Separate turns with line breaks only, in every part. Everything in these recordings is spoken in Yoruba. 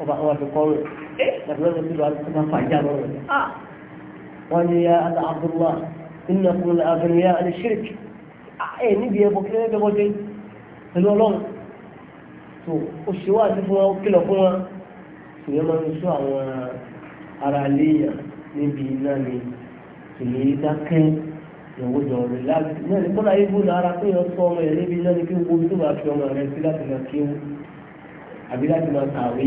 ọba ọba fi kọ́ rẹ̀ ẹ́ tàbí wọ́n ti lọ ah. abdullah inna kun la abin ya ala shirk ẹ ah, eh, níbi ẹbọ kílẹ̀ ẹbẹ bọ́dé pẹ̀lú ọlọ́run tó o ṣe wá sí fún wa ó kìlọ̀ fún wa tó yẹ máa ń sọ àwọn ara léèyàn níbi iná ni kì í dákẹ́ ìyàwó jọ̀ọ̀rọ̀ láti náà ní kọ́lá ibú lára pé yọ sọ ọmọ yẹn níbi iná ni kí n wo bí tó máa fi ọmọ rẹ sí láti máa kéwú àbí láti máa kàwé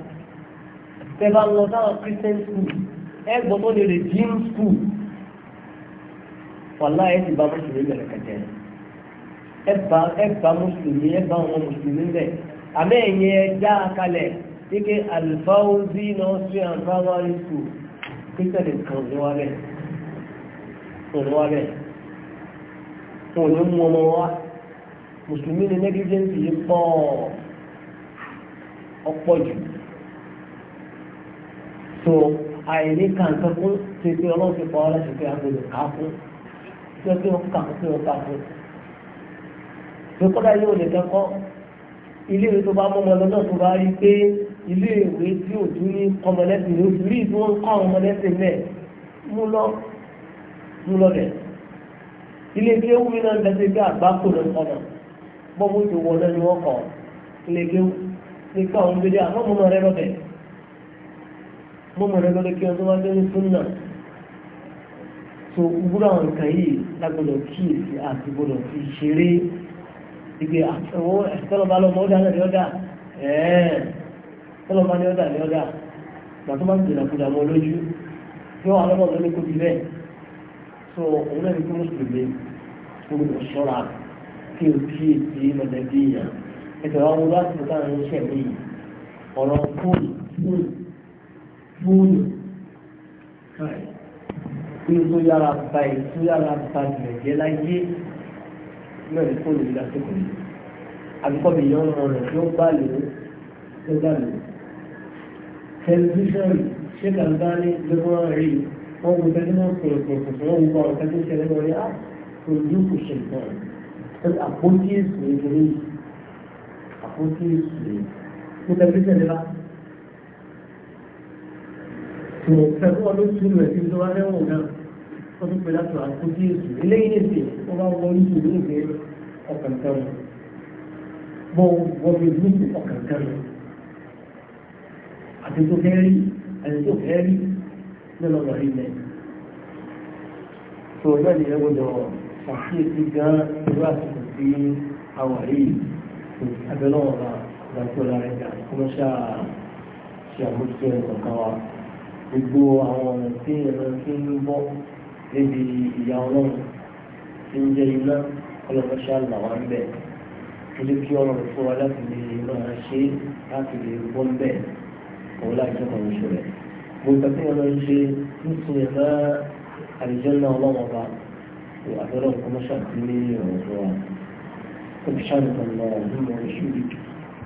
tẹ́bá lọ sáwọn christian school ẹgbọ́n tó lè redeem school wàlá ẹ ti bá mùsùlùmí bẹ̀rẹ̀ kẹ̀kẹ́ ẹ bá ẹ bá mùsùlùmí ẹ bá wọn mùsùlùmí bẹ̀ àmẹ́ ẹ̀yẹ dá kalẹ̀ wípé alifáwọ́sí nọ́ọ̀sì and primary school christian kan ní wa bẹ̀ kan ní wa kan ní mú ọmọ wa mùsùlùmí ni negligence yìí pọ̀ ọ̀pọ̀ jù tó àìní kàǹkan fún ṣe pé ọlọ́run ti pa ọ́ láti pé agbègbè ká fún tí ó pé ó kà fún pé ó kà fún. pé kọ́dà yóò lè kẹ́kọ̀ọ́ ilé ìwé tó bá mọ́mọ́ lọ náà tó bá rí pé ilé ìwé tí ò tún ní kọmọlẹ́sìn ní oṣù rí tí wọ́n kọ́ àwọn ọmọlẹ́sìn mẹ́ẹ̀ mú lọ mú lọ bẹ̀. ilé ìwé wúmi náà ń bẹ́sẹ̀ bí àgbákò lọ sọ̀nà bọ́ọ̀mù ti wọ lẹ́nu ọkọ̀ ilé ìwé ní àwọn ọmọ mo mọ̀ rẹ̀ lọ́dọ̀ kí ọdún wá lórí súnà so gbúdọ̀ àwọn nǹkan yìí lágbọ́dọ̀ kíyèsí àti gbọ́dọ̀ fi ṣeré ìgbé àtẹwọ́ ẹ̀sọ́lọ́ba lọ́mọ ọ̀dà náà ní ọ̀dà ẹ̀ẹ́ ẹ̀sọ́lọ́ba ní ọ̀dà ní ọ̀dà ìgbà tó máa ń gbìyànjú kúdà mọ́ lójú tí wọ́n alọ́mọ ọ̀dọ́ ní kó ti bẹ́ẹ̀ so òun náà ní kí mùsùlùmí gbọ́dọ̀ ṣọ́ra kí o kíyèsí mọ̀lẹ́bí yàn fúnù kí n tó yára ba ẹ̀ tó yára ba gbẹ̀gẹ́ láyé náà ní fóònù yìí lásìkò yìí àbíkọ́ mi yọ ọ̀rọ̀ rẹ̀ tó bá lò ó tó bá lò ó. tẹlifíṣàn ṣé kàńtà ní lọ́wọ́ rí wọ́n mú tẹ́lẹ̀ náà pèrè pèrè pèrè wọ́n mú bá ọ̀rọ̀ tẹ́lẹ̀ ṣẹlẹ̀ lọ rí àpòjú kò ṣe nǹkan rẹ̀ àpótí èsì èdè àpótí èsì èdè tẹlifíṣàn ṣẹ̀fún ọdún sínú ẹ̀ tí ó wá lẹ́wọ̀n náà wọ́n tún pẹ̀lú àtúrà tó dé èsù eléyìí nìsí wọ́n bá wọ orí ìlú ìgbé ọkàn kan wọ́n fi ní ọkàn àti tó fẹ́ rí àti tó fẹ́ rí nínú ọ̀rọ̀ ilẹ̀ tó náà ni ẹwọ́n lọ ṣàkíyèsí gan irú àsìkò sí àwọn yìí abẹ́lọ́wọ̀n bá gbàtọ́ lára ẹ̀dá kọ́mọ́ṣáà ṣe àmójútó ẹ̀kọ̀ọ̀kan wa gbogbo àwọn ọ̀nà tí ẹ̀rọ ti ń bọ́ níbi ìyá ọlọ́run tí ń jẹ́ iná ọlọ́run ṣáàlà wá ń bẹ̀ kí ló kí ọlọ́run fún wa láti lè máa ṣe láti lè bọ́ ń bẹ̀ òun láìjọ́ kan oṣù rẹ̀ gbogbo tí wọ́n lọ ṣe nítorí ẹ̀ máa àlùjọ́ ọlọ́run ọba وأدرهم كما شأتني وأدرهم سبحانك اللهم وبحمدك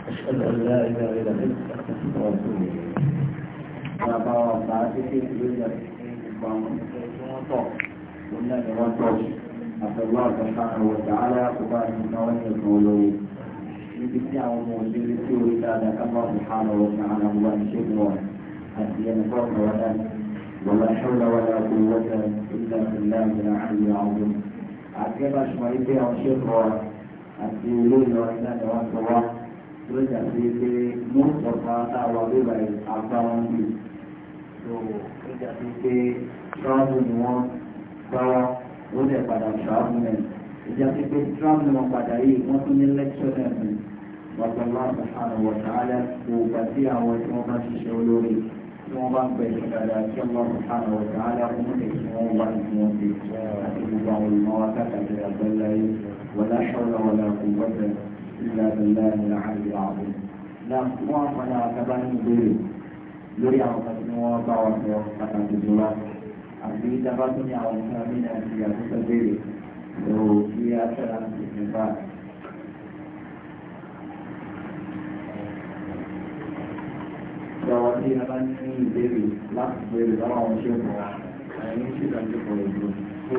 أشهد أن لا إله إلا أنت أستغفرك وأتوب إليك bàbá ọ̀gá títí lórí ẹ̀sìnkú àwọn ọ̀gá tó ń náà ni wọ́n tọ́jú àtẹ̀wọ́ àtẹ̀ká àwọn ọ̀gá aláàkóbá ní náà ní ẹ̀sìn olówó níbi tí àwọn ọmọ òṣèré tí orí dáadáa kábọ̀ ọ̀gá ọ̀gá àwọn ìṣègùn wọn àti ẹni bọ́ọ̀gá wọn dání ولا حول ولا قوة إلا بالله العلي العظيم àgbẹ́bà ṣùgbọ́n ibi àwọn ṣèkọ̀ àti ilé ìlọrin náà ni wọ́n ti wá lójà sí pé mú ọ̀pá táwa bíbá àbáwọn bíi tó ó dàbí pé tíráàbù ni wọ́n gbára ó dẹ̀ padà tíráàbù náà ìjà sí pé tíráàbù ni wọ́n padà yìí wọ́n tún ní lẹ́kṣọ́ náà ni wàgbọ́lá subhanahu wa ta'ala kò gbà sí àwọn tí wọ́n bá ṣiṣẹ́ olórí tí wọ́n bá ń gbẹ̀ṣẹ̀ dáadáa tí wọ́n subhanahu wa ta'ala kún lè tí wọ́n wà ní wọn ti àti gbogbo àwọn olùmọ̀ wa káàkiri àgbẹ̀lá yìí wala hawla wala quwwata illa billahi al-'ali al-'azim. náà wọ́n á fọ́nà àtàbá ní ìbéèrè lórí àwọn kan tí wọ́n bá wọn sọ pàtàkì jùlọ àti ìjábá tó ní àwọn kan ní nàìjíríà tó fẹ́ béèrè lọ́wọ́ kí á ṣọ́ra ìjọba. Ìjọba tí a bá ní ìbéèrè láti béèrè lọ́wọ́ àwọn ṣe wọ̀ ẹ̀yìn sí ìdánilẹ́kọ̀ọ́ ìlú. So,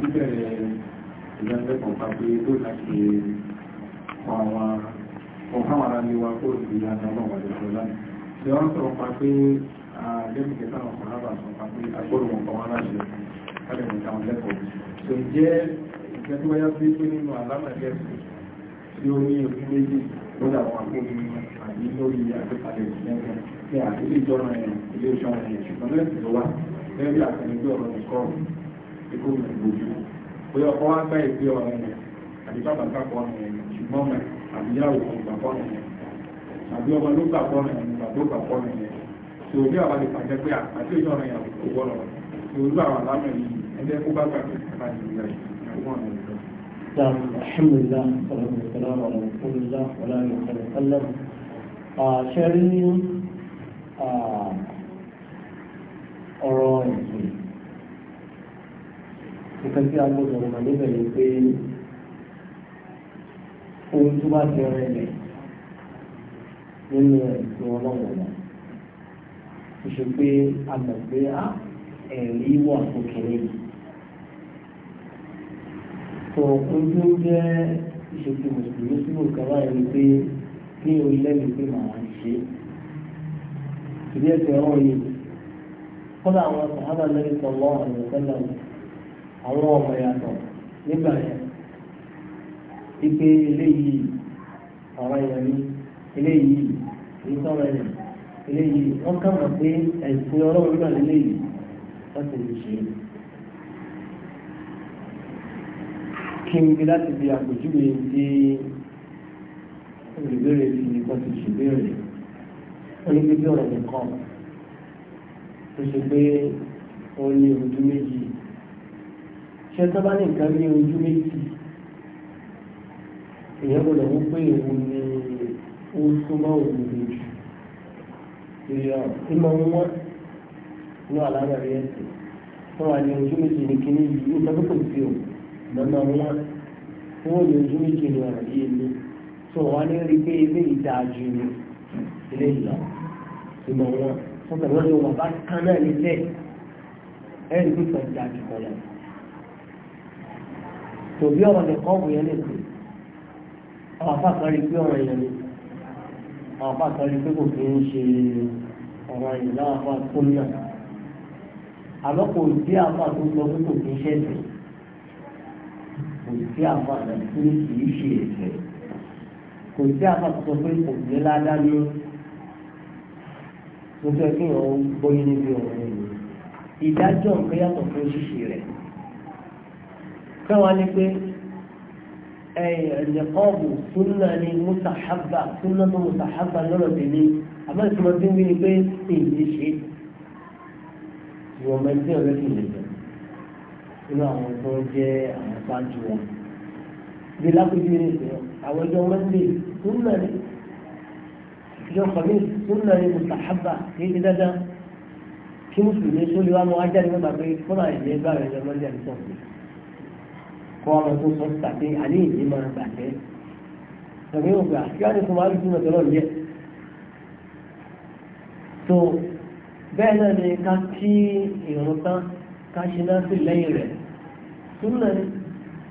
bíbẹ̀rẹ̀ ìdánilẹ́kọ̀ọ́ pàtó tó láti kọ àwọn ọ̀hánwàrá ni wa kó ìgbìyànjú ọlọ́wọ́ àdéhùn tí wọ́n sọ̀rọ̀ pa pé lẹ́mìkẹ́ táwọn ọkùnrin àbà sọ pa pé agbóhùn wọn kan wọn láṣẹ kálẹ̀ mọ̀ táwọn lẹ́kọ̀ọ́ tó jẹ́ ìfẹ́ tó wáyá sí pé nínú àlámà ẹlẹ́sìn tí ó ní ojú méjì lórí àwọn agbóhùn àbí lórí àgbékalẹ̀ ìṣẹ́gun ní àtúlé ìjọba ẹ̀yìn ilé iṣẹ́ ọ̀rọ̀ ẹ̀yìn ṣùgbọ́n lẹ́sìn ló wà lẹ́rí àtẹnugbé ọ̀rọ̀ nìkọ́ ikú mi gbòjú bóyá ọkọ̀ wá gbá ìgbé ọ̀rọ̀ àbí ọmọ ló gbà pọ́nà ẹ̀yìn bàbá ó gbà pọ́nà ẹ̀yìn tí òbí àwọn lè pàṣẹ pé àti òjò ọ̀rọ̀ ìyàwó kò gbọ́dọ̀ tí òbí àwọn alámọ̀ yìí ẹgbẹ́ kó bá gbà pé àti ìgbà ìyàwó ọ̀nà ìjọ. الحمد لله والصلاة والسلام على رسول الله وعلى آله وصحبه وسلم. شاري ọ̀rọ̀ ìsìn nǹkan tí a gbọ́dọ̀ mọ̀ níbẹ̀ ni pé ohun tó bá ti rẹ̀ lẹ̀ nínú ẹ̀sìn ọlọ́run náà kò ṣe pé a a ah, ẹ̀rí wà fún kìnìún tó ojú jẹ́ ìṣètò mùsùlùmí sí òkè báyìí ni pé ní orílẹ̀-èdè pé màá ṣe ìdí ẹ̀sẹ̀ ọ̀hún yìí kọ́lá àwọn sàhábà lẹ́yìn sọ̀lọ́ àwọn ìṣẹ̀lẹ̀ àwọn ọmọ yàtọ̀ nígbà yẹn wípé eléyìí ọ̀rọ̀ yẹn ní eléyìí èyí tó rẹ̀ eléyìí wọ́n kà mọ̀ pé ẹ̀sìn ọlọ́run náà lélẹ́yìí wọ́n ti lè ṣe é. kí n gbé láti fi àpèjúwe tí olùbéèrè fi nìkan ti ṣèbéèrè onígbébí ọ̀rọ̀ nìkan tó ṣe pé ó ní ojú méjì ṣé tó bá ní nǹkan ní ojú méjì èèyàn gbọ́dọ̀ mú pé òun ni ó súnmọ́ òdodo jù ìyá ìmọ̀ wọn fún wa ní méjì ní kíní yìí ó sọ́kò sí o lọ́nà wọn fún òní ojú méjì ní ọ̀rọ̀ yìí ni tó wà ní rí pé ilé ìdájú ni ilé ìlọ ìmọ̀ wọn fún tẹ̀lé wọn wọn bá kán náà ní bẹ́ẹ̀ ẹ̀ ń gbé ìdájú kan lọ. tòbí ọ̀rọ̀ nìkan wò yẹn lè pè àwọn afáàkàn rí pé ọ̀rọ̀ yẹn ni àwọn apá àtàrí pé kò fi ń ṣe ọ̀rọ̀ ẹ̀yìn láwọn apá tó ń yàn àmọ́ kò sí apá tó sọ pé kò fi ń ṣẹ̀ṣẹ̀ kò sí apá àtàrí pé kì í ṣe ẹ̀ṣẹ̀ kò sí apá tó sọ pé kò ní ládàá ní mo fẹ́ kí wọ́n bóyá níbi ọ̀rọ̀ ẹ̀yìn ìdájọ́ nǹkan yàtọ̀ fún ṣíṣe rẹ̀ kí á ní pé ẹ̀ẹ́dẹ̀kọ́ọ̀bù súnà ni mùsàhábà súnà tó mùsàhábà lọ́rọ̀ tèmi àmọ́ ìtumọ̀ tí wí ni pé èyí ṣe ìwọ̀n mẹ́tí ọ̀rẹ́ kì í lè jẹ́ nínú àwọn tó ń jẹ́ àwọn sáájú wọn. bí lápẹ́jú rẹ̀ sọ àwọn ẹjọ́ mẹ́tí súnà ni ìjọ kọ̀mí súnà ni mùsàhábà kì í ti dáadáa kí mùsùlùmí sólè wá mọ́ ajáde mẹ́ta pé fúnra ìyẹn bá rẹ̀ قال تو سوچ سکتے ہیں علی جی میں بیٹھے سبھی ہو گیا کیا نے تمہاری سنت چلو یہ تو بہن نے کافی یہ ہوتا کاش نہ سے لے لے سن لے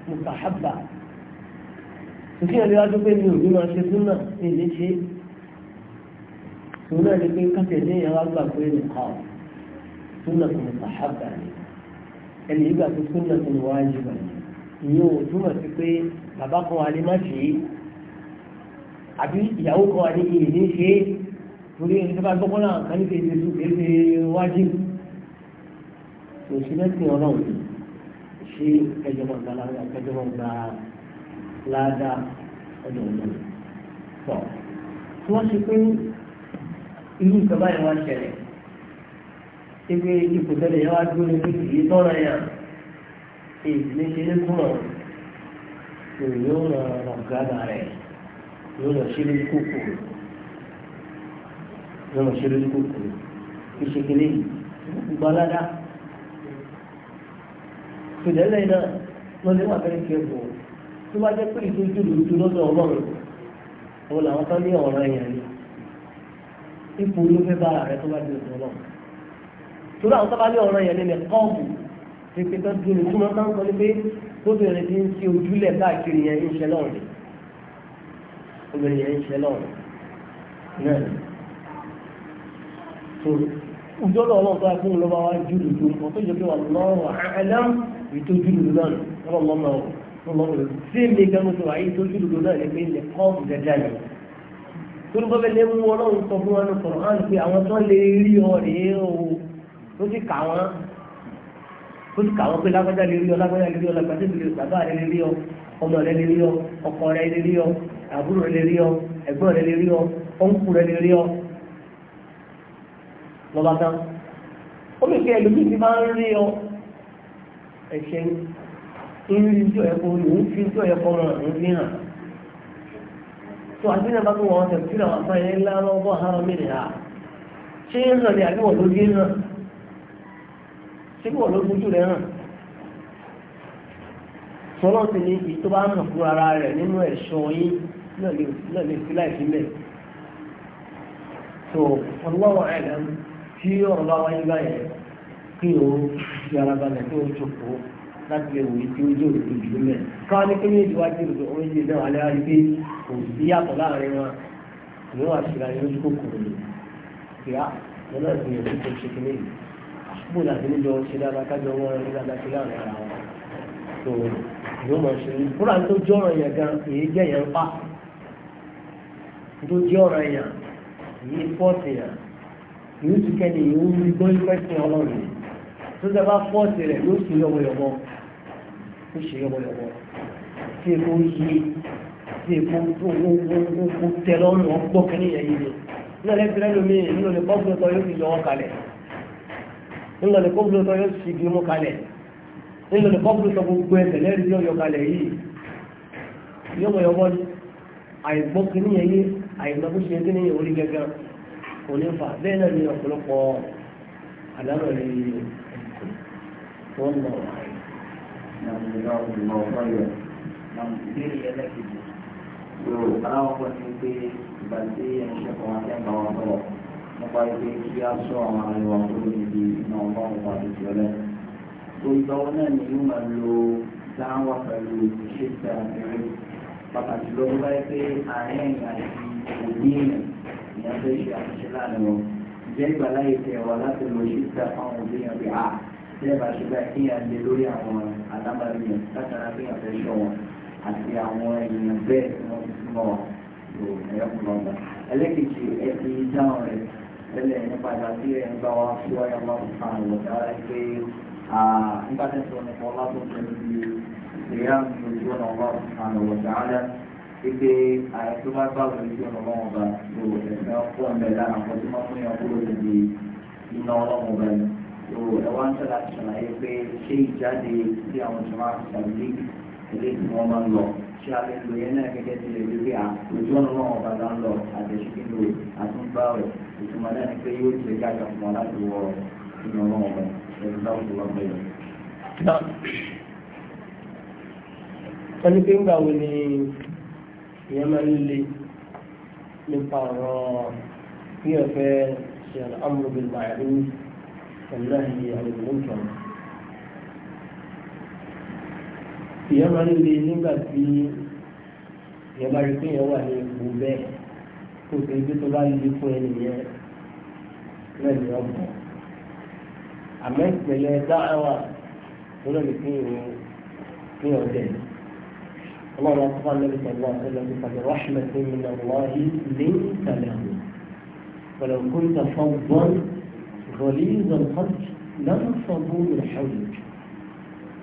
مصحبہ تو کیا لیا جو بھی نہیں ہوگی ماشی سننا یہ دیکھیں سننا لیکن کہتے ہیں یہاں اللہ کوئی نقاب سننا تو مصحبہ ہے اللي يبقى في سنة واجبة ìyẹn ò túmọ̀ sí pé bàbá kan wà ní má ṣe é àbí ìyàwó kan wà ní ìyè ní ṣe é torí ẹni tó bá gbọ́ kọ́nà kan ní kéde tó kéde wájú kò mẹ́sìn ọlọ́run ṣé ẹjọba gba lára ẹjọba gba láàdá ọdún ọdún tọ tí wọ́n ṣe pé irú nǹkan báyìí wá ṣẹlẹ̀ ṣé pé ipò tẹ́lẹ̀ yẹn wá dúró ní kékeré tọ́ra yẹn ìdílé ṣeré kúrọ̀ tó yóò lọ ọ̀gáàdà rẹ̀ yóò lọ ṣeré kúkú yóò lọ ṣeré kúkú ìṣèkèlè ìgbàládà ìdẹ́lẹ̀ náà lọ́dẹ wà fẹ́ẹ́ kẹ́ bọ̀ tó bá jẹ́ pé ìtọ́jú lòdù lọ́dọ̀ ọlọ́run wọn làwọn kan ní ọ̀rọ̀ ẹ̀yàn ni ipò ló fẹ́ bára rẹ tó bá di ọ̀dọ̀ ọlọ́run tó láwọn tó ní ọ̀rọ̀ ẹ̀yàn ni kọ́ọ̀bù pípẹ́ tó dúró ní túmọ̀ táwọn kan ní pé obìnrin ti ń ṣe ojúlẹ̀ káàkiri yẹn ń ṣe lọ́rùn obìnrin yẹn ń ṣe lọ́rùn náà tó ojú ọ̀dọ̀ ọlọ́run tó ẹkún lọ́ba wá júlù tó ń pọ̀ tó yẹ kí wà lọ́rùn àádám ètò júlù lọ́nà ọlọ́mọ ọlọ́run sí ilé gan oṣù àyè tó júlù tó náà lè pé ilẹ̀ kọ́ọ̀bù dẹ́dá ni torí bọ́ bẹ́ẹ̀ lé mú ọlọ́run sọ fún wa ní kọ̀ọ̀án pé àwọn tó lè rí ọ rèé o ló ti kà wọ́n ó sì kàwọ́ pé lágbájá lè rí ọ lágbájá lè rí ọ lágbájá lè rí ọ bàbá rẹ lè rí ọ ọmọ rẹ lè rí ọ ọkọ rẹ lè rí ọ àbúrò rẹ lè rí ọ ẹ̀gbọ́n rẹ lè rí ọ ọ̀nkù rẹ lè rí ọ lọ́ba tán ó lè fi ẹlòmíì ti máa ń rí ọ ẹ̀ṣẹ̀ ń rí ijó ẹ̀kọ́ òun fi ijó ẹ̀kọ́ ọmọ òun fi hàn tó àti náà bá tún wọn tẹ̀síra wọn fún ẹ̀ ńlá lọ́wọ́ àárọ̀ mìíràn ṣé ń hàn àbí wọn ló dé náà tí wọ́n ló fojú rẹ̀ hàn sọlọ́ ti ní ibi tó bá mọ̀ fún ara rẹ̀ nínú ẹ̀ṣọ́ yín náà lè fi láìsí mẹ́ tó ọlọ́wọ́ ẹ̀dá tí ọ̀rọ̀ bá wáyé báyẹn kí o fi ara balẹ̀ kí o jókòó láti lè wòye tí ó jẹ́ òdodo jù mẹ́ káwọn ní kéwìn ìdíwájú òdodo ọmọ ìdílé náà alẹ́ wáyé pé kò sí yàtọ̀ láàrin wọn ìwọ́n àṣìlá yóò kókòrò rẹ̀ kí lọ́nà ìgbìyànjú tó ṣe kí ní bóun àti níjọ ṣe dáadáa kájọ wọn ṣe dáadáa ṣe láàrin ara wọn tó yóò mọ̀ ṣe ní fúnra tó jẹ́ ọ̀ràn yẹn gan èyí jẹ́ yẹn ń pa tó jẹ́ ọ̀ràn yẹn èyí fọ́ọ̀tì yẹn yóò ti kẹ́ni yóò rí gbọ́ ìfẹ́ sí ọlọ́run tó dẹ́ bá fọ́ọ̀tì rẹ̀ yóò ṣe yọ̀bọ̀yọ̀bọ̀ ó ṣe yọ̀bọ̀yọ̀bọ̀ tí èkó yí tí èkó tó tẹ lọ́rùn ọgbọ́kẹ́ níyẹn yìí ni nílẹ̀ lẹ́gbẹ̀rẹ́ lómi nínú ìpọ́gbọ́tọ̀ ńlọ ní kọ́bùlù tó yọ ṣìgì mú kalẹ̀ ńlọ ní kọ́bùlù tó gbogbo ẹsẹ̀ lẹ́rìí yọ yọ kalẹ̀ yìí yọmọ yọmọ ni àìgbọ́ kìíní yẹn yé àìmọ̀ bó ṣe kìíní yẹn orí gẹ́gẹ́ kò ní fà bẹ́ẹ̀ náà ní ọ̀pọ̀lọpọ̀ àdánù rẹ̀ yìí wọ́n lọ. Yóò aláwọ̀ pọ̀ sí pé ìgbà tí ẹ̀ṣẹ̀ kan wá kẹ́kọ̀ọ́ wọn bọ̀ nípa ibi kí a sọ àwọn àríwá tó níbi iná ọlọ́run wà lójú ọlẹ́. olùdókòwò náà ni yóò máa lo dáhùn pẹ̀lú ìṣe ìta àbẹ̀rẹ̀ pàtàkì lọ́wọ́ báyìí pé àárín àti òbí èèyàn ìyẹn fẹ́ ṣe àṣìṣe láàrin wọn. ìjẹ́ ìgbà láyé tẹ̀ wá láti lo ìṣe ìta àwọn òbí èèyàn bí a tẹ́ bá ṣe bá kéèyàn lé lórí àwọn alábàáyàn látara kéèyàn fẹ́ ṣọ wọn àti àwọn èèyàn bẹ́ẹ̀ tí wọ́n ti mọ̀ ọ́ ẹ̀yọ́kùnrin ọ̀gbà ẹlẹ́kìtì ẹ̀sìn lẹ́lẹ̀ nípa ìgbà tí ẹ̀ ń bá wa síwáyà máa ń fa àwọn ọ̀dà rẹ̀ pé nípa tẹ̀ sọ nípa ọlá tó tẹ̀ ní ìyá mi ojú ọ̀nà ọlá tó fa àwọn ọ̀dà rẹ̀ pípé ààrẹ tó bá gbàgbọ́ ojú ọ̀nà ọlọ́wọ́n ọba tó ẹ̀sẹ̀ ọ̀pọ̀ ń bẹ̀ lára àwọn tó máa fún yàn kúrò níbi iná ọlọ́wọ́n ọba tó ẹ wá ń ṣàlàyé pé ṣé ìjáde tí àwọn jọba ṣàlùyé ṣe àlejò yẹn náà gẹ́gẹ́ bí ewu pé à ojú ọ̀nà náà ọba náà ń lọ àjẹsíkìlò àtúngbàwẹ̀ ìtumọ̀ náà ni pé yóò ṣe káàkiri fún wọn láti wọ inú ọmọ ọba ẹ̀rù láwùjọ wọn bẹ̀rẹ̀. wọ́n ní pé ńgbà wo ni ìyẹn máa ń le nípa ọ̀rọ̀ bí ọ̀fẹ́ ṣe àmúlò bí màálù ọ̀nà ìyẹn àlejò ń tọ̀nà. èèyàn máa ń le nígbà tí èèyàn bá rí pé èèyàn wà ní ipò bẹ́ẹ̀ kó o ṣe ibi tó bá le fún ẹni yẹn náà ní ọgbọ̀n àmọ́ ìpìlẹ̀ dáhàwà tó lọ lè fún ìwọ fún ọ̀dẹ̀ ọlọ́run ọkọ̀ fún àlọ́ ìṣẹ̀lẹ̀ ní pàtó rahmat min Allah lè tẹ̀lẹ̀ wọn pẹ̀lú kúńtà fọ́gbọ́n غليظ القلب لم صبوا من حولك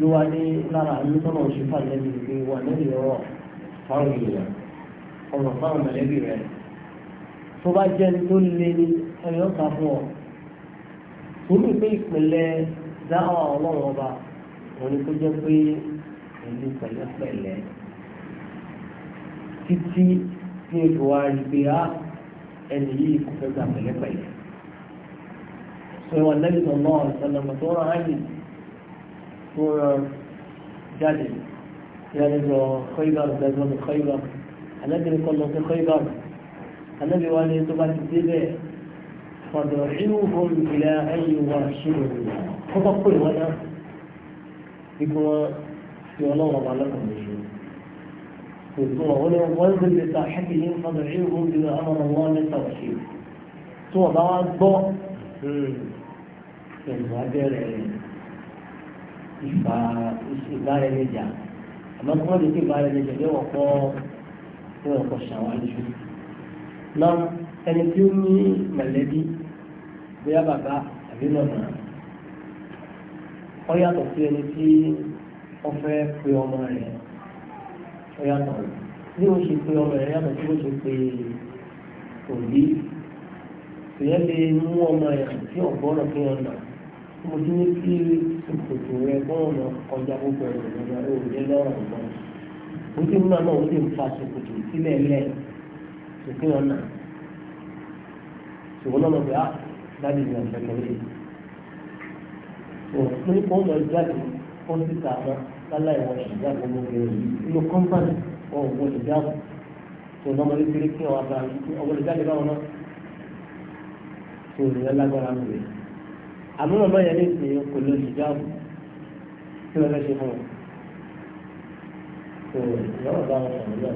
ló wá ní lára àánú tọ́nà oṣù fàlẹ́bí pé wà lẹ́bí ọ̀rọ̀ fáwọn èèyàn ọ̀rọ̀ fáwọn mọ̀lẹ́bí rẹ̀ tó bá jẹ́ tó lé ní ẹ̀yọ́ ká fún ọ. Olú pé ìpìlẹ̀ dáhà ọlọ́run ọba òun ni kó jẹ́ pé ìlú pẹ̀lẹ́pẹ̀lẹ́ títí ní oṣù wa rí pé á ah, ẹni yìí kò fẹ́ gbà pẹ̀lẹ́pẹ̀lẹ́. Sọ ìwà lẹ́yìn tó náà sọ̀rọ̀ àyè tó rán jáde yẹn lọ Khaybar gbẹgbẹmí Khaybar anábì nìkan lọ sí Khaybar anábì wa ni tó bá ti débẹ̀ fọdọ̀ inú hom ìlà ẹ̀yìn wa ṣírò kọ́kọ́ pé wọn náà igun wọn fi ọlọ́run ọba lọ́kùnrin ṣe. وانزل بصاحبهم فادعوهم بما امر الله من توحيد tó ọba wa gbọ́ hmm, ẹ̀rù abẹ́rẹ́ rẹ̀ ìfà ìbára ẹni jà àmọ́ tí wọ́n lè fi ìbára ẹni jà yóò wọ́pọ̀ yóò wọ́pọ̀ ṣàwájú. náà ẹni tí ó ní mọ̀lẹ́bí bóyá bàbá àbí màmá ó yàtọ̀ sí ẹni tí wọ́n fẹ́ pe ọmọ rẹ̀ ó yàtọ̀ bí ó ṣe pe ọmọ rẹ̀ yàtọ̀ sí bó ṣe pe òbí. ìyẹn lè mú ọmọ rẹ̀ tí ọ̀gbọ́n náà fi hàn náà mo dín ní kí ìkòtò rẹ bọ́ọ̀ lọ gbogbo ẹ̀rọ ìrọ̀lẹ́ òwúrẹ́ lọ́rọ̀ ìgbọ́n o ti mú àná o ti ń fa ṣòkòtò sílẹ̀ lẹ̀ ṣòkè ọ̀nà ṣòwọ́n lọ́mọ pé á dáàbì ní ọ̀sẹ̀ kẹrẹ́ o mo ní kó ń lọ jáde kó ń títà àmọ́ lálẹ́ ìwọ̀n ìjà gbogbo ẹ̀rọ yìí inú kọ́ńpánì wọn ò wọlé dáàbò tó lọ́mọ lé kéré kí ọ̀wá bá ọ̀wọ́lé jáde báwọn náà tó ìrìnlẹ́ àmọ́ màmá yẹn ní ìsìn kò lọ sí jáàbù kí wọ́n fẹ́ ṣe fún wọn. kò ìyàwó bá wọn sọ̀rọ̀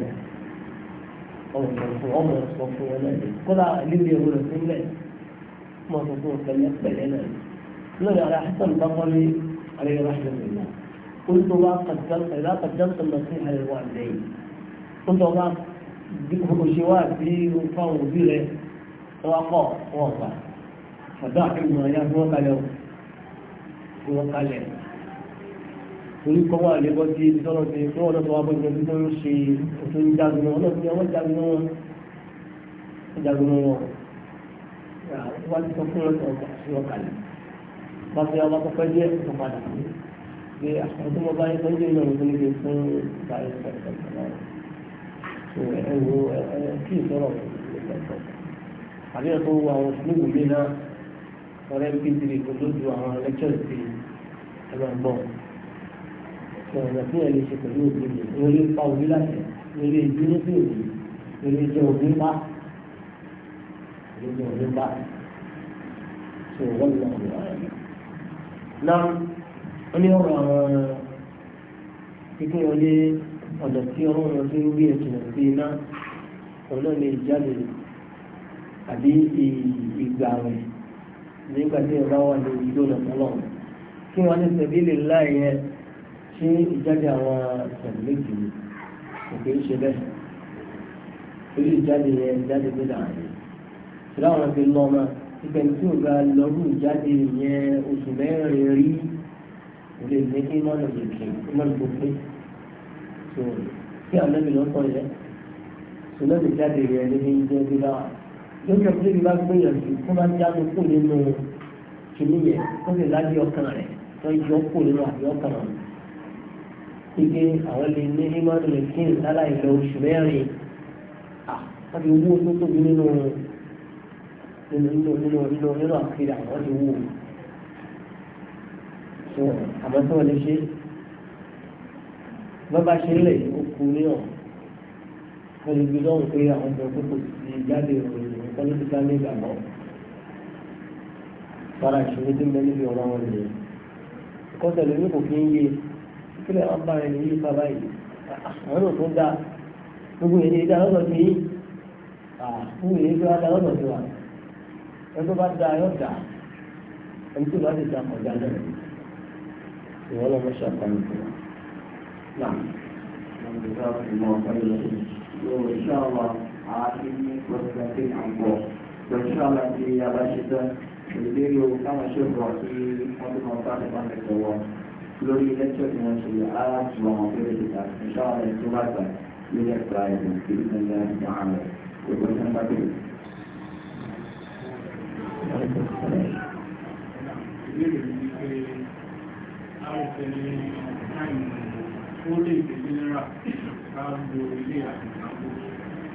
lọ́wọ́ ọmọ sọ fún ọmọ sọ fún wọn náà kódà líle ewu rẹ̀ sílẹ̀ ọmọ sọ fún pẹ̀lẹ́ pẹ̀lẹ́ náà lórí ara hasan bakọ́lé alẹ́ yọrọ hasan nìyà kóńtò wa kàdúrà ìlà kàdúrà sọ̀rọ̀ sí àbá àfihàn ọ̀yá fún wọn kalẹ̀ fún wọn kalẹ̀ torí kọ́ wà lẹ́kọ́ sí ibi tọ́lọ́ sí fún ọ̀dọ́ tó wà bọ́ ìgbẹ́ tó ń ṣe òtún ń jagun wọn ọlọ́ọ̀tún ni wọ́n jagun wọn jagun wọn wọ́n ti sọ fún ọ̀dọ́ sí wọn kalẹ̀ wọ́n fi ọba kọ́kọ́ díẹ̀ tó padà pé àtúntò mo bá yẹ kó ìlànà tó ní kí n fún ìgbà yẹn
pẹ̀lú
ẹ̀wọ̀ kí ìtọ́rọ̀ àbí ẹ̀kọ́ àwọn òṣèlú mi náà ọ̀rẹ́ mp three kò tó ju àwọn lectures ti ẹ̀rọ gbọ́ ọ̀rọ̀ tí ẹ̀ lè ṣe pẹ̀lú òbí mi lórí pa òbí láti lórí ìdúró sí òbí lórí jẹ́ òbí pa lórí jẹ́ òbí pa tó wọ́n lọ sí ọ̀rọ̀ mi. náà ó ní ọ̀rọ̀ àwọn kíkún wọlé ọ̀dọ̀ tí ọlọ́run ti ń gbé ẹ̀sìn sí iná ọ̀nà lè jáde àbí ìgbà rẹ̀ nígbà tí ẹ bá wà ní ojú ọ̀nà tọ́lọ̀ kí wọ́n ní sẹ̀bí lè láàyè ṣé ìjáde àwọn ẹ̀sẹ̀ méjì ni òkè ń ṣe bẹ́ẹ̀ orí ìjáde yẹn ìjáde tó dà ní. ìṣúra àwọn ti lọ ọmọ ibẹ̀ tí ò bá lọ́rù ìjáde yẹn oṣù mẹ́rin rí lè ní kí mọ́nà lè kí mọ́nà tó pé tí àwọn ẹ̀mí lọ́kọ̀ yẹn ṣùgbọ́n ìjáde yẹn ló ní jẹ́ bí láwọn lókè tí ìlú bá gbìyànjú kó bá jáde kó nínú kìíní yẹn kó sì lájú ọkàn rẹ̀ tó yọ kó nínú àbí ọkàn rẹ̀. Ike àwọn lè ní Emmanuel Lekin láláì lọ oṣù mẹ́rin. Wọ́n ti wú oṣù tóbi nínú nínú nínú nínú nínú àkìlà wọ́n ti wú. Àmọ́ tí wọ́n lè ṣe bọ́bá ṣe lè okùn ní ọ̀. Wọ́n lè gbé lọ́rùn pé àwọn ọmọ ọgbẹ́ kò sí jáde òun political leader mọ́ fara ìṣòro tí ń bẹ níbi ọ̀rọ̀ wọn nìyẹn ìkọ́sẹ̀ lóní kò kí ń yé kílẹ̀ wọn bá rẹ̀ ní yípa báyìí àwọn náà tó dáa gbogbo èdè ìdá lọ́dọ̀ sí yín gbogbo èdè ìdá dá lọ́dọ̀ sí wa ẹni tó bá da yóò dà ẹni tó bá ti da kọjá náà ìwọ lọ́mọ ṣàkóso fún wa. Náà, ìjọba ìmọ̀ ọ̀gá ìlú yóò عاطفي وسكنتين عمبو وإن شاء الله في أباشدة الفيديو كما شوفوا في حضر مطاقة عن الدوام لوري لكتشر من الشريعات ومعطيرتها إن شاء الله يتبعك للإحتاج بإذن الله تعالى وبركاته Ìbéèrè ni pé àwọn ìṣẹ̀lẹ̀ àìmọ̀ ó lè gbé nílẹ̀ àti ìṣàkóso ilé àti ìṣàkóso.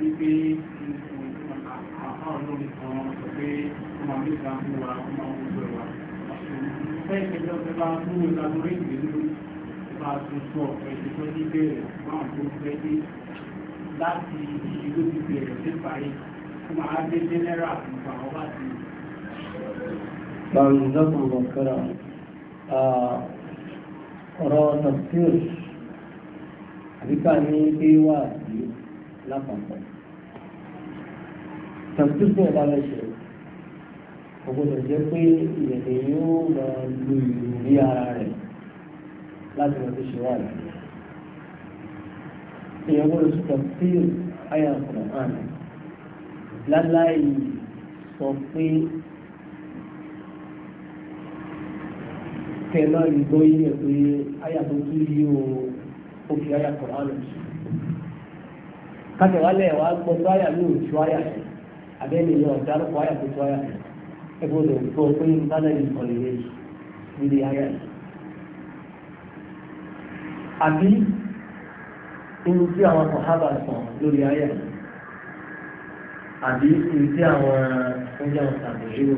ní pé àwọn olórin kan sọ pé ọmọ mi ìgbà fún wa ọmọ ogun ẹ̀wà bẹ́ẹ̀ kẹjọ fẹ́ bá fún ìgbà tó rí ìgbèlú ìgbà tó sọ ẹ̀sìn tó ní bẹ̀rẹ̀ máa tó fẹ́ dé láti ìlú ti bẹ̀rẹ̀ sí parí fún máa dé jẹ́nẹ́rà nípa àwọn bá ti. Báwo ni Dọ́kùn lọ kẹ́ra? Ọ̀rọ̀ tafsir àbíká ní pé wà sí lápapọ̀ tẹ̀sí tó ọba lẹ́sẹ̀ ògbọ́dọ̀ jẹ́ pé ìrẹ̀lẹ̀ yóò lọ lu ìrírí ara rẹ̀ láti lọ sí ṣèwà rẹ̀ èèyàn gbọ́dọ̀ sí tẹ̀sí àyà Kùránì láláì sọ pé kẹ máa rí gbọ́ pé àyà tó tún yí ó fi àyà Kùránì sí kátẹ̀wálẹ̀ wa gbọ́ tó àyà ní òṣù àyà rẹ̀ abẹ́ni ní ọ̀dà lọ́kọ̀ àyà tó tó àyà rẹ̀ ẹgbẹ́ òdò tó pé ìbádẹ́ni ọ̀lẹ́yẹ nílé àyà rẹ̀. àbí inú tí àwọn sọ̀hábà sọ lórí àyà rẹ̀ àbí inú tí àwọn ẹgbẹ́ ọ̀sàbẹ̀ yóò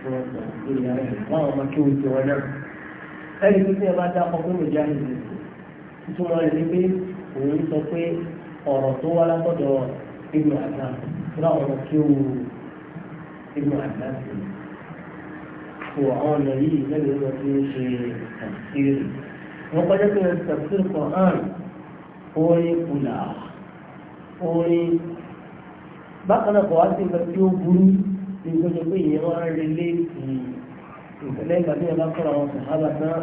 tó wọ́n sọ lórí àyà rẹ̀ wọ́n ọmọ kí wọ́n ti wọn náà. ẹni tó ti ẹ bá dá ọkọ̀ kó lè jáde nítorí wọn lè ní pé òun sọ pé ọ̀rọ̀ tó wá látọ̀dọ̀ ibùdó àgbà tó náà ọ̀rọ̀ kí ó ibùdó àgbà sí i. Fò àwọn ọ̀nà yìí lẹ́yìn lọ sí ṣe tafsiri. Wọ́n kọjá pé tafsiri Qur'an orin kùlà orin bákan náà kò wá sí nǹkan tí ó burú ní gbọ́dọ̀ pé ìyẹn wá ń relé sí ìpínlẹ̀ ìgbà àwọn sàhábà tán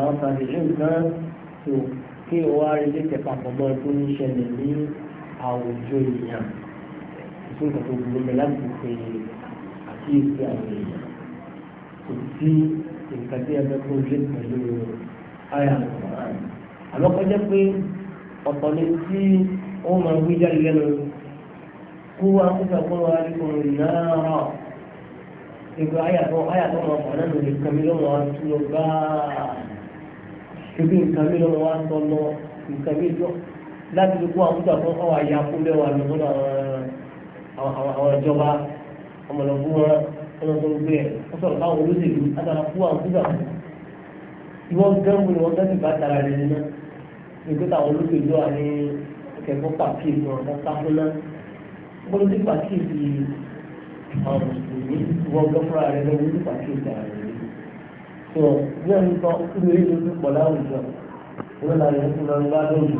àwọn sàbẹ̀lẹ̀ tán tó kí wọ́n á rí létí papọ̀ mọ́ tó ń ṣẹlẹ̀ ní àwùjọ èèyàn ìṣó nǹkan tó burú mi láti pe àkíyèsí àwọn èèyàn kò sí nǹkan tí ẹ fẹ́ kó lé pẹ̀lú àyà àkùnrin àmọ́ kọjá pé ọ̀pọ̀ ni tí wọ́n máa wí jáde lẹ́nu kú wa kó fẹ́ kó wa rí ìgbà àyà tó máa pọ̀ náà lórí kan mi lọ́wọ́ àti lọ́gbàá ebi nǹkan mi lọ́wọ́ wá sọ lọ nǹkan mi lọ láti lè kó àwọn ìgbà kan àwọn àyà kúlẹ̀ wà lọ́wọ́ àwọn ìjọba ọmọlọ́gbó wọn ọlọ́dọ̀ gbé ẹ̀ wọ́n sọ̀rọ̀ káwọn olóṣèlú adara kú àwọn ìgbà kan ìwọ gẹ́gùn ni wọ́n gẹ́gùn bá tara rẹ̀ nínú nígbà táwọn olóṣèlú wà ní kẹ̀kọ́ pàkíyèsí wọn kọ́ sáfúnná gbọ́dọ̀ sí pàkíyèsí àwọn mùsùlùmí ìwọ tó bí ẹni tán kúrò èyí ló pọ̀ láwùjọ òun là yẹn tó lọ rí bá lóyún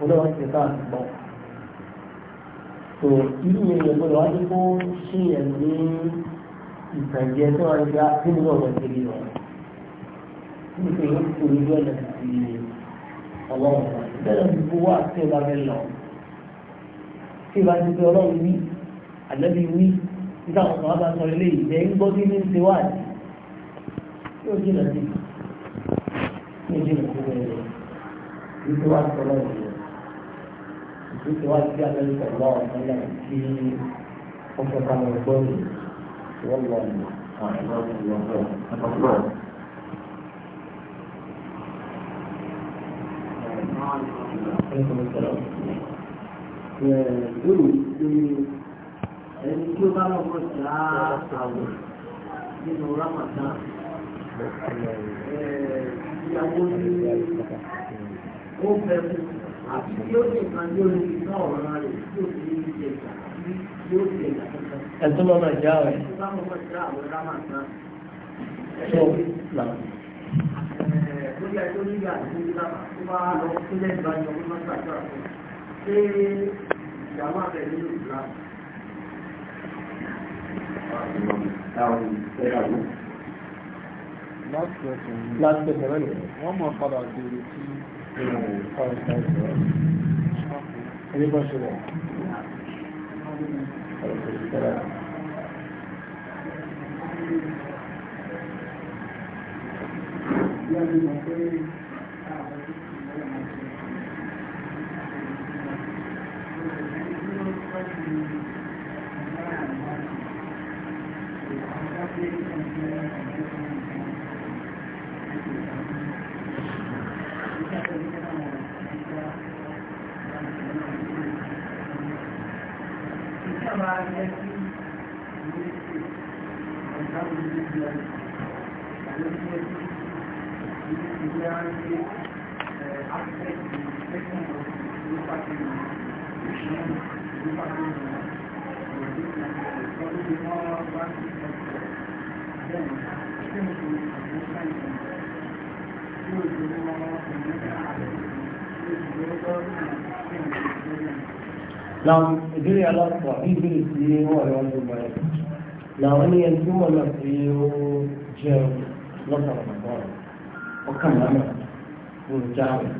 olóòwò ti ká àtúbọ̀ tó irú yẹn yẹn gbọdọ̀ wájú kó ṣe yẹn ní ìtànjẹ tó wà nígbà tí mo lọ́wọ́ kiri rọ̀ nípa èyí kò ní ah, bí ọ̀nà ti ọlọ́run bẹ́ẹ̀ ni gbogbo wa tí ẹ bá lọ tí ìbá ti fi ọlọ́run wí àlẹ́bí wí nígbà wọn kàn wá bá sọ ilé ìgbẹ́ ń gbọ́ bí ní ti wá yóò jìnà sí yóò jìnà sí wẹ́rẹ́ yìí tó wá sọ lọ́wọ́ yìí yìí tó wá sí abẹ́lé sọ̀rọ̀ lọ́wọ́ sọ́lá tí ó fẹ́ ká lọ gbọ́ yìí tí wọ́n lọ yìí àwọn ẹ̀rọ ìwọ̀n lọ́wọ́. Ìrù ẹni tí ó ìyàwó ní máa yóò lè ná ọ̀rọ̀ rẹ̀ tó nà. tó nígbà tó ní rámà tó bá lọ sílẹ̀ ìbájọ́ fún mọ́tò àjọ àfọ̀ ìyàwó àbẹ̀ nínú ìlú Last question. Last question, anyway. One more father to the two. Any question there? Yeah, Amen. Náà ìbéèrè alápọ̀ ìbéèrè tí wọ́n rẹ̀ wọ́n tó bá yẹ. Làwọn ní ẹni tí wọ́n náà fi ó jẹ́ lọ́sàn-án bọ̀rọ̀. Ọkàn lánà kò já rẹ̀.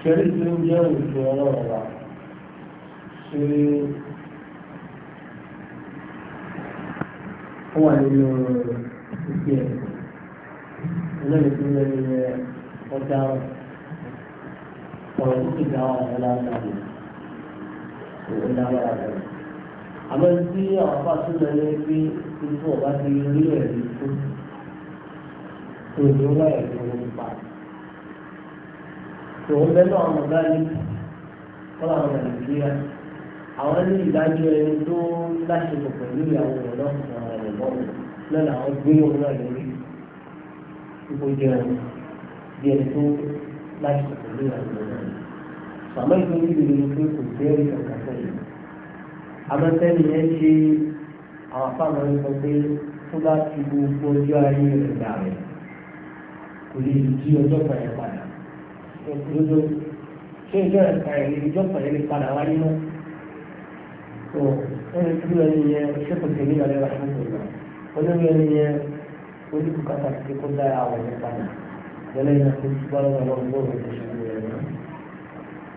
Ṣẹ̀rí tí ó jẹ́ òṣèlú ọlọ́run wa. Ṣé ó wà nínú ìgbé ẹ̀ lẹ́yìn tí lẹ́yìn ọ̀daràn ọ̀rọ̀ tó ti dá wà lára rẹ̀ òun lágbára rẹ̀. àmọ́ tí àwọn bá tún lọ ní pé ikú ọba ti rí ẹ̀rí tó tó ní wọ́n ẹ̀rí òun pa. tòun bẹ́ẹ̀ náà mọ̀ báyìí kọ́ làwọn nàìjíríà àwọn ní ìdájọ́ ẹni tó láṣepọ̀ pẹ̀lú ìyàwó rẹ̀ lọ́sàn-án rẹ̀ lọ́wọ́ lọ́la àwọn gbé òun náà lórí ipò jẹun bí ẹni tó láṣepọ̀ pẹ̀lú ìyàwó rẹ̀ lọ́wọ́ màmá ìtòrí ìlú ni pé kò bẹ́ẹ̀rẹ̀ kankan sẹ́yìn amẹ́tẹ́ni yẹn ṣe àwọn afáàmọ́ sọ pé tó bá ti gbogbo ọjọ́ ayé rẹ̀ dà rẹ̀ kò lè di ọjọ́ kan yẹn padà lójó ṣé ìjọ ẹ̀ka ẹ̀rí ìjọ kan yẹn lè padà wá nínú tó ẹni tí ẹni yẹn ṣé kò tẹ̀lé ìyàrá rẹ̀ fún ìgbà olórí ẹni yẹn olùkọ́ kàtàkì kó dára àwọn ẹ̀ padà lẹ́lẹ́yìn àti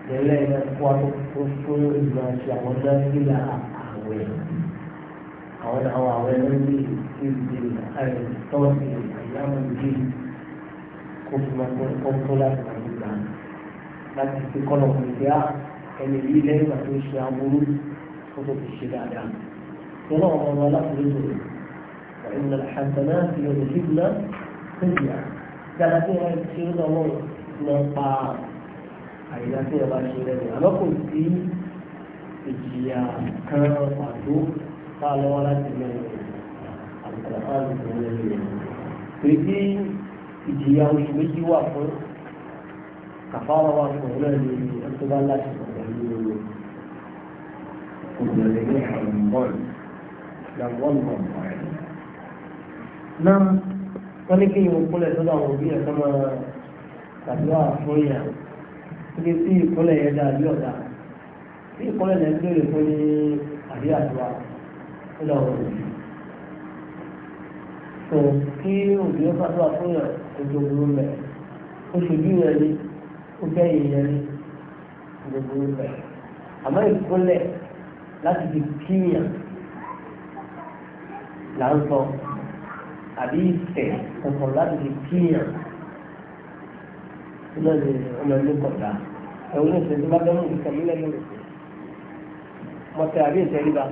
tẹ́lẹ̀ náà wà tó tó tó ìgbà ṣe àwọn dáńgílà àwẹ̀ àwọn àwọn àwẹ̀ lórí ìdílé àìrè tọ́sí ìyáwó ìdí kó fi máa tó kó tó láti máa tó gbà láti fi kọ́nà kò sí á ẹni yìí lẹ́yìn àti oṣù aburú kó tó fi ṣe dáadáa. Tọ́lá ọmọ ọmọ alákòóso rẹ̀ وإن الحسنات يذهبن سيئة. Dáadáa tí wọ́n ti ń lọ́wọ́ lọ́pàá àyíká tí ẹ bá ṣe lẹ́nu àmọ́ kò sí ìjìyà kan pàtó tá a lọ́wọ́ láti lẹ́nu àbùkàlà láti lẹ́nu rẹ̀ pé kí ìjìyà oṣù méjì wà fún kàfáwà wà fún òun náà ní ẹni tó bá láti sọ̀rọ̀ pẹ̀lú obìnrin ní àlùmọ́ọ̀lù làwọn mọ̀ báyìí. náà wọ́n ní kí ìwọ̀n kúnlẹ̀ sọ́dọ̀ àwọn òbí ẹ̀ sọ́mọ́ tàbí wà fún ìyàwó ibi tí ìpínlẹ̀ yẹn dáa bí ìpínlẹ̀ yẹn fún ní àbí àdúrà ńlọ òbí kí òbí ó fàdúrà fún yàn ojú òbúrú mẹ oṣoojú yẹn ni ó bẹ́yìn yẹn ni ojú òbúrú mẹ àmọ́ ìpínlẹ̀ láti fi kíyàn là ń sọ àbí ìfẹ́ ọ̀pọ̀ láti fi kíyàn náà ni ọmọ ẹni kọ̀dá ẹ̀wọ́n ní ìṣẹ́jú bá dánwò nǹkan mi lẹ́nu rẹ̀ mọ̀tẹ́ àbí ìtẹríba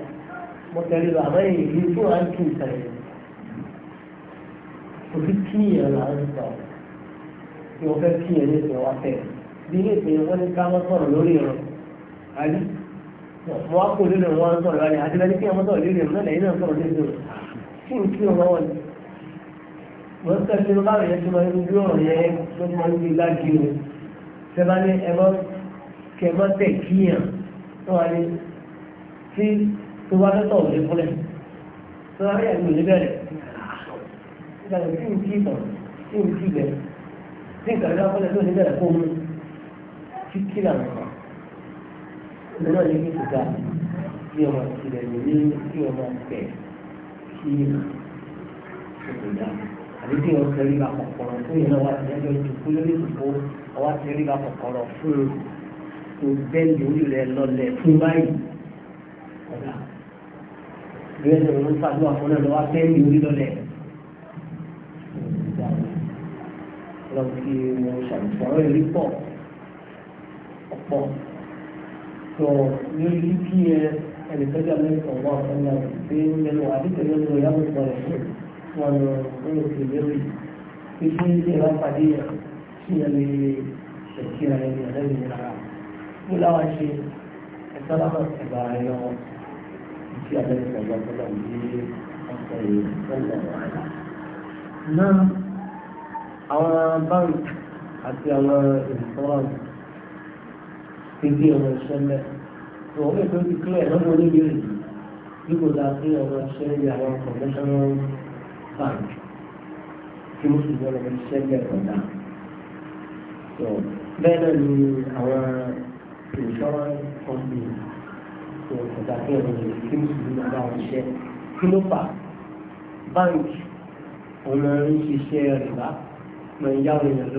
mọ̀tẹ́ àmọ́ èyí tó à ń kí ìtẹ̀lẹ̀ òbí kí ìyẹn là ń sọ tí wọ́n fẹ́ kí ìyẹn ní ìṣẹ̀ wá tẹ̀ bí ilé ìpè wọn ní ká wọ́n sọ̀rọ̀ lórí ìrọ̀ àbí mo wá kó lórí ìrọ̀ wọn sọ̀rọ̀ láyé àti lẹ́ni kí wọ́n sọ̀rọ̀ lórí ìrọ̀ náà lẹ́yìn náà sọ̀rọ̀ lórí ìrọ̀ kí n kí wọn wọ́n ni wọ́n ń kẹ́sí lọ́wọ́ àwọn èèyàn tó máa ń rí ọ̀rọ̀ yẹn ló máa ń gbé lájú o sẹ́fà ní ẹ̀mọ́ kẹ̀mọ́ tẹ̀ kíyàn wọ́n wá ní tí tó bá tọ́tọ̀ òde fúnlẹ̀ tó bá yà ní òde bẹ̀rẹ̀ ìgbàlẹ̀ tí ń kí tàn tí ń kí bẹ̀rẹ̀ tí ìgbàlẹ̀ náà fúnlẹ̀ tó ní bẹ̀rẹ̀ fún mi kí kí làwọn kan ìgbà náà ní kí tó dáa kí ọmọ ìrẹ̀lẹ̀ ní kí ọmọ tẹ̀ kí ìgbà tó dáa àbí tí wọ́n tẹ̀lé ba kọ̀kọ̀rọ̀ fún yẹn wá ti ẹjọ́ ìtukú lórí ìtukú ọwá tẹ̀lé ba kọ̀kọ̀rọ̀ fún tó bẹ́ẹ̀lì orí rẹ̀ lọlẹ̀ fún báyìí ọ̀dà bí wọ́n wọn fàdúrà fún náà lọ́wọ́ bẹ́ẹ̀lì orí lọlẹ̀ lọ́wọ́ kí wọ́n ṣàlùfọ̀rọ̀ pọ̀ ọ̀pọ̀ tó lórí kí ẹ ẹnìkẹ́jà mẹ́rin kọ̀ọ̀wọ́ ọ̀sán náà pé nínú àdìsẹ́ lọ́wọ́ yàgò sọ̀rọ̀ wọn lọ wọn lọ sí lórí títí ìlà pàdé yẹn sí ẹni ṣèkíra ẹni ẹlẹ́yìn rárá mo láwọn ṣe ẹ̀tọ́ láwọn ẹ̀bà rẹ̀ lọ́wọ́ tí abẹ́rẹ́ sọ̀rọ̀ sọ́dọ̀ ní ọ̀sẹ̀ yìí sọ́dọ̀ wàhálà. náà àwọn báńkì àti àwọn ìfọ́ọ̀mù ti di ọmọ ìṣẹ́lẹ̀ tó wọ́n ètò ìkílẹ̀ lọ́dún oníbèrè yìí bí kò dáa sí ọmọ ìṣẹ́lẹ̀ àwọn kọ̀mẹ́ṣọ́nà fan tí ó sì gbọ́dọ̀ fi ṣẹlẹ̀ ọ̀dà so bẹ́ẹ̀ náà ni insurance company tó ọ̀dà kí ẹ̀rọ rẹ̀ kí ó sì gbọ́dọ̀ bá wọn ṣẹ́ kí ló fà báńkì ọmọ ń ṣiṣẹ́ rìbá mọ̀ ń yáwó èèyàn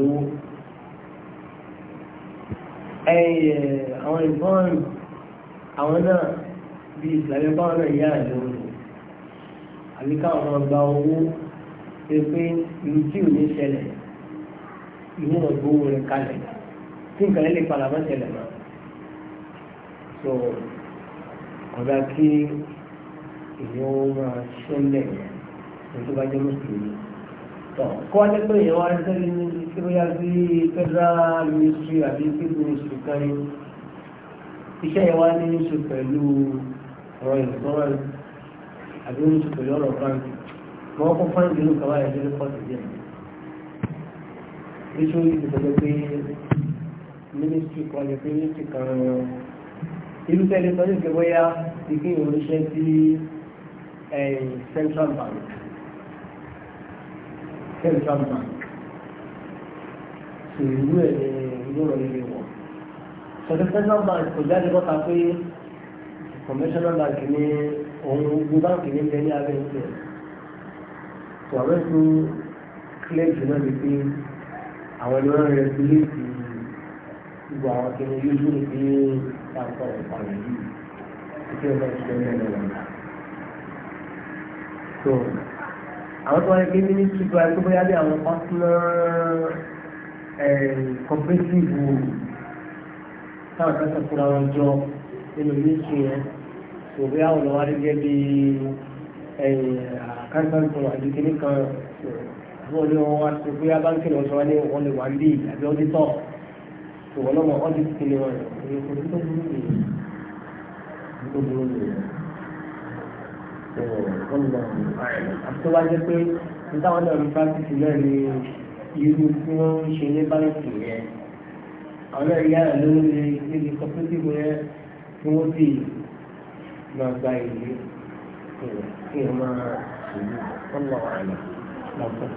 lówó àbí káwọn máa gba owó ṣe pé ìlú tí ò ní ṣẹlẹ̀ ìlú náà gbówó rẹ̀ kalẹ̀ tí nǹkan lè padà má ṣẹlẹ̀ mọ́. so ọ̀dà kí ìyẹn ó máa ṣẹlẹ̀ ní tó bá jẹ́ mùsùlùmí. tọ́ kọ́ wá jẹ́ pé ìyẹn wá sẹ́lẹ̀ ní kí ó yá sí federal ministry àbí civil ministry kan ní iṣẹ́ yẹn wá ní í ṣe pẹ̀lú ọ̀rọ̀ ìsọ́rọ̀ àbí ó ń ṣe pẹ̀lú ọ̀rọ̀ báńkì wọ́n kọ́ fáńkì ní kàwá ẹ̀ lórí pọ́ọ̀tù díẹ̀ bí ṣó yìí tẹ̀lé pé mínísítì kan ní pé mínísítì kan irú tẹ́lẹ̀ sọ ní ìgbẹ́ bóyá ìpín ìránṣẹ́ sí central bank central bank ṣe ìlú ẹ̀ ìlú ọ̀rọ̀ ilé wọn sọ̀tẹ́ central bank kò jáde bọ́ta pé commercial bank ní òun gbogbo báńkì ní ilẹ̀ ní abẹ́ ìṣẹ́ tó kílẹ̀jù náà ni pé àwọn ni wọ́n rẹ̀ sílé sí gbogbo àwọn akẹ́ni yóò ní pé láǹkọ̀ ìpàdé yìí títí ọ̀nà ìṣẹ́ mẹ́rin lọ́la. tó àwọn tó wáyé pé mínísítì tó wáyé pé bóyá bí àwọn pásítọ̀ eh, cooperative táwọn kan sọ fúnra wọn jọ nínú mínísítì yẹn òbí àwọn ọ̀nà wáyé gẹ́gẹ́ bí àkáńtàn tó àti kìíní kan wọ́n ní wọ́n wá sí pé abáńkì lọ sọ ní wọ́n lè wá bí àbí ọdún tọ̀ ìwọ̀n náà mọ̀ ọdún tí ni wọ́n rẹ̀ èyí kò ní tó burú nìyẹn tó burú nìyẹn wọ́n lọ àti tó wá jẹ́ pé máa gba ìlú kí n máa ṣèlú ọlọ́wọ́ àná lọ́pọ̀.